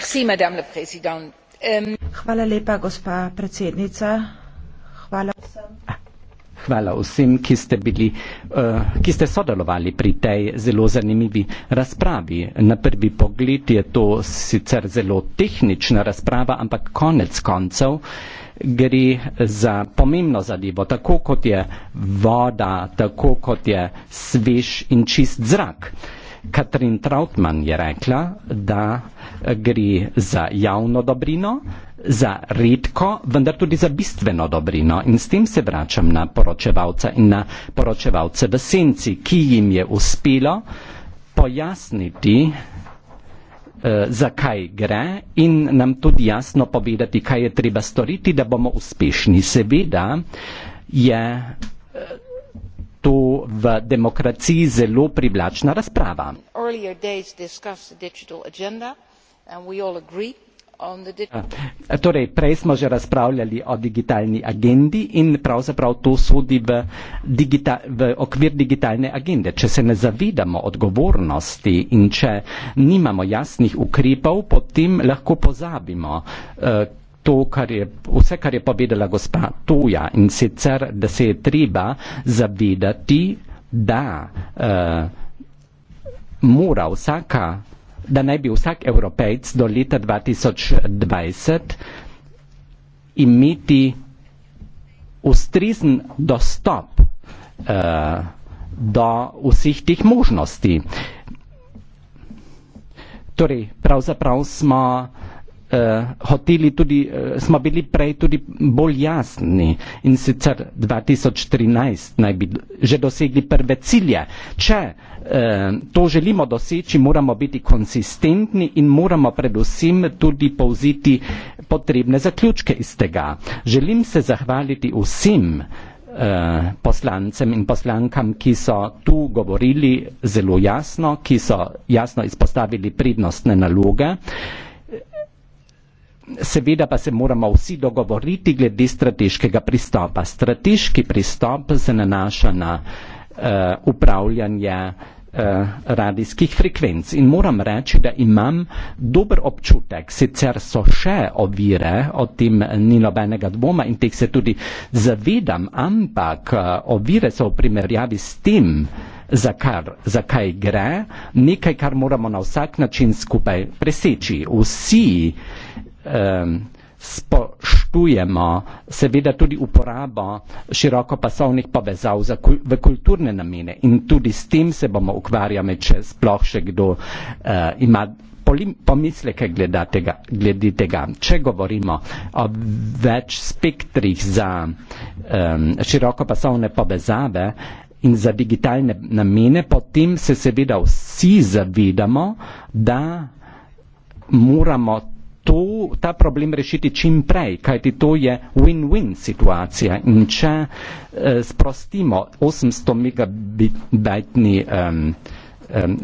Hvala vsem, ki ste, bili, uh, ki ste sodelovali pri tej zelo zanimivi razpravi. Na prvi pogled je to sicer zelo tehnična razprava, ampak konec koncev gre za pomembno zadevo, tako kot je voda, tako kot je svež in čist zrak. Katrin Trautmann je rekla, da eh, gre za javno dobrino, za redko, vendar tudi za bistveno dobrino. In s tem se vračam na poročevalca in na poročevalce v senci, ki jim je uspelo pojasniti, eh, zakaj gre in nam tudi jasno povedati, kaj je treba storiti, da bomo uspešni. Seveda je. Eh, to v demokraciji zelo privlačna razprava. Eh, torej, prej smo že razpravljali o digitalni agendi in pravzaprav to sodi v, digita, v okvir digitalne agende. Če se ne zavedamo odgovornosti in če nimamo jasnih ukrepov, potem lahko pozabimo, eh, to, kar je, vse, kar je povedala gospa Tuja in sicer, da se je treba zavedati, da uh, mora vsaka, da naj bi vsak evropejc do leta 2020 imeti ustrezen dostop uh, do vseh teh možnosti. Torej, pravzaprav smo Eh, hoteli tudi, uh, smo bili prej tudi bolj jasni in sicer 2013 naj bi že dosegli prve cilje. Če uh, to želimo doseči, moramo biti konsistentni in moramo predvsem tudi povziti potrebne zaključke iz tega. Želim se zahvaliti vsem poslancem in poslankam, ki so tu govorili zelo jasno, ki so jasno izpostavili prednostne naloge seveda pa se moramo vsi dogovoriti glede strateškega pristopa. Strateški pristop se nanaša na uh, upravljanje eh, radijskih frekvenc. In moram reči, da imam dober občutek, sicer so še ovire, o tem ni nobenega dvoma in teh se tudi zavedam, ampak eh, ovire so v primerjavi s tem, zakaj za gre, nekaj, kar moramo na vsak način skupaj preseči. Vsi um, spoštujemo seveda tudi uporabo širokopasovnih povezav za, v kulturne namene in tudi s tem se bomo ukvarjali, če sploh še kdo uh, ima pomisleke glede tega. Če govorimo o več spektrih za um, širokopasovne povezave in za digitalne namene, potem se seveda vsi zavedamo, da moramo to, ta problem rešiti čim prej, kajti to je win-win situacija. In če eh, sprostimo 800 megabitni, um, um,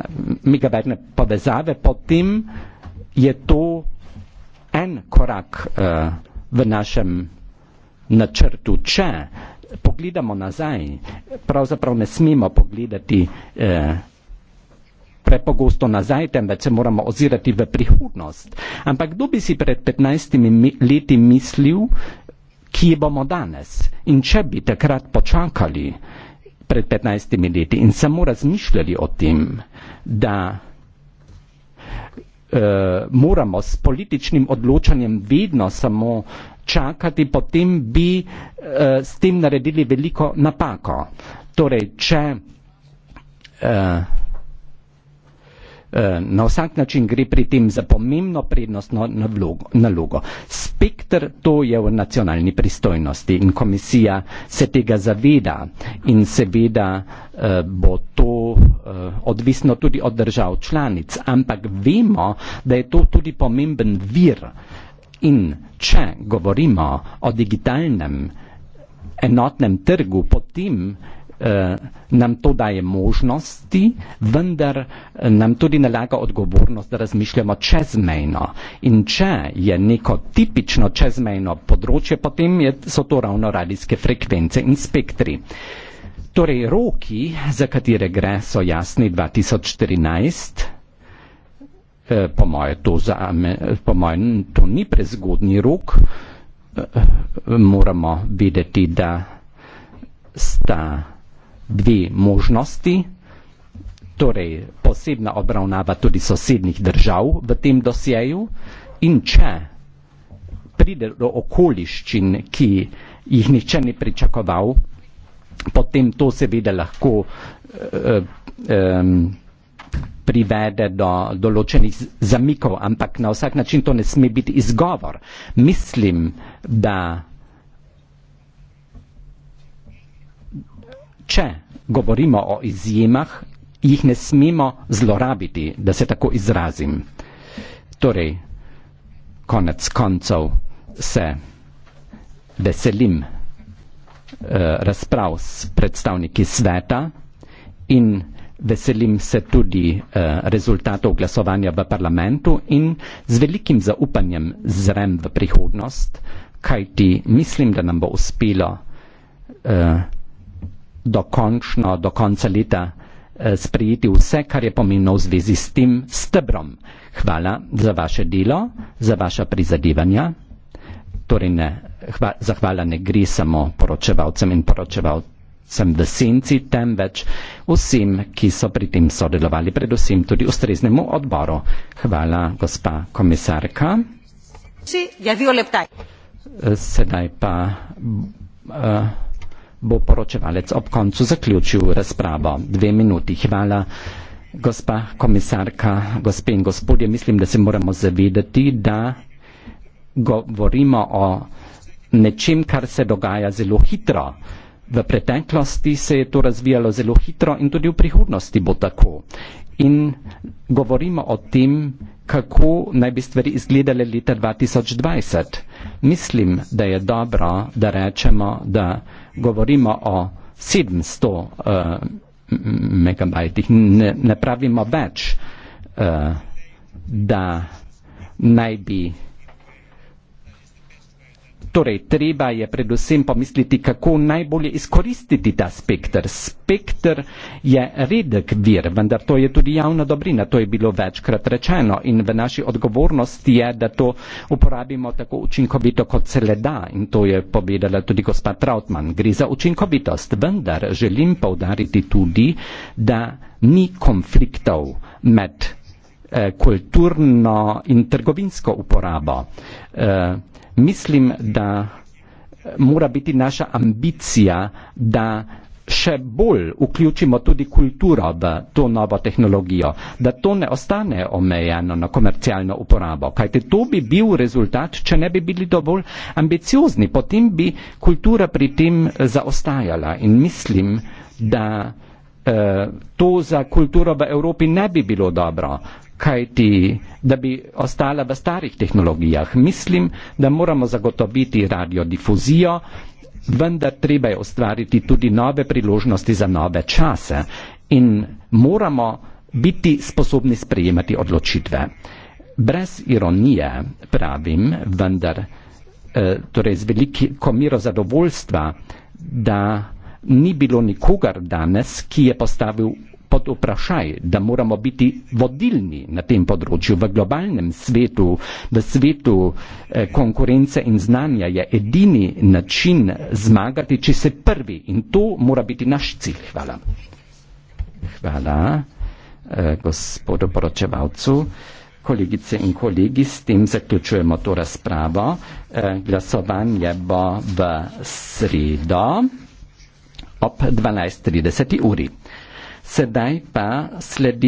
megabitne povezave, potem je to en korak eh, v našem načrtu. Če pogledamo nazaj, pravzaprav ne smemo pogledati. Eh, prepogosto nazaj, temveč se moramo ozirati v prihodnost. Ampak kdo bi si pred 15 leti mislil, kje bomo danes? In če bi takrat počakali pred 15 leti in samo razmišljali o tem, da uh, moramo s političnim odločanjem vedno samo čakati, potem bi uh, s tem naredili veliko napako. Torej, če uh, Eh, na vsak način gre pri tem za pomembno prednostno nalogo. Spektr to je v nacionalni pristojnosti in komisija se tega zaveda in seveda eh, bo to eh, odvisno tudi od držav članic, ampak vemo, da je to tudi pomemben vir in če govorimo o digitalnem enotnem trgu, potem Eh, nam to daje možnosti, vendar eh, nam tudi nalaga odgovornost, da razmišljamo čezmejno. In če je neko tipično čezmejno področje, potem je, so to ravno radijske frekvence in spektri. Torej, roki, za katere gre, so jasni 2014. Eh, po moje, to za, po moje to ni prezgodni rok. Moramo videti, da sta dve možnosti, torej posebna obravnava tudi sosednih držav v tem dosjeju in če pride do okoliščin, ki jih niče ni pričakoval, potem to seveda lahko eh, eh, privede do določenih zamikov, ampak na vsak način to ne sme biti izgovor. Mislim, da če govorimo o izjemah, jih ne smemo zlorabiti, da se tako izrazim. Torej, konec koncev se veselim eh, razprav s predstavniki sveta in veselim se tudi eh, rezultatov glasovanja v parlamentu in z velikim zaupanjem zrem v prihodnost, kajti mislim, da nam bo uspelo eh, dokončno, do konca leta eh, sprejeti vse, kar je pomembno v zvezi s tem stebrom. Hvala za vaše delo, za vaša prizadevanja. Torej ne, hva, zahvala ne gre samo poročevalcem in poročevalcem v senci, temveč vsem, ki so pri tem sodelovali, predvsem tudi ustreznemu odboru. Hvala, gospa komisarka. Eh, sedaj pa. Uh, bo poročevalec ob koncu zaključil razpravo. Dve minuti. Hvala, gospa komisarka, gospe in gospodje. Mislim, da se moramo zavedati, da govorimo o nečem, kar se dogaja zelo hitro. V preteklosti se je to razvijalo zelo hitro in tudi v prihodnosti bo tako. In govorimo o tem, kako naj bi stvari izgledale leta 2020. Mislim, da je dobro, da rečemo, da govorimo o 700 uh, eh, megabajtih, ne, ne pravimo več, uh, da naj bi uh, Torej, treba je predvsem pomisliti, kako najbolje izkoristiti ta spektr. Spektr je redek vir, vendar to je tudi javna dobrina, to je bilo večkrat rečeno in v naši odgovornosti je, da to uporabimo tako učinkovito, kot se le da in to je povedala tudi gospa Trautmann. Gre za učinkovitost, vendar želim povdariti tudi, da ni konfliktov med Eh, kulturno in trgovinsko uporabo. Eh, mislim, da mora biti naša ambicija, da še bolj vključimo tudi kulturo v to novo tehnologijo, da to ne ostane omejeno na komercialno uporabo, kajte to bi bil rezultat, če ne bi bili dovolj ambiciozni, potem bi kultura pri tem zaostajala in mislim, da eh, to za kulturo v Evropi ne bi bilo dobro kajti da bi ostala v starih tehnologijah. Mislim, da moramo zagotoviti radiodifuzijo, vendar treba je ustvariti tudi nove priložnosti za nove čase in moramo biti sposobni sprejemati odločitve. Brez ironije pravim, vendar eh, torej z veliko miro zadovoljstva, da ni bilo nikogar danes, ki je postavil pod vprašaj, da moramo biti vodilni na tem področju. V globalnem svetu, v svetu eh, konkurence in znanja je edini način zmagati, če se prvi in to mora biti naš cilj. Hvala. Hvala eh, gospodu poročevalcu. Kolegice in kolegi, s tem zaključujemo to razpravo. Eh, glasovanje bo v sredo ob 12.30 uri sedaj pa sledi.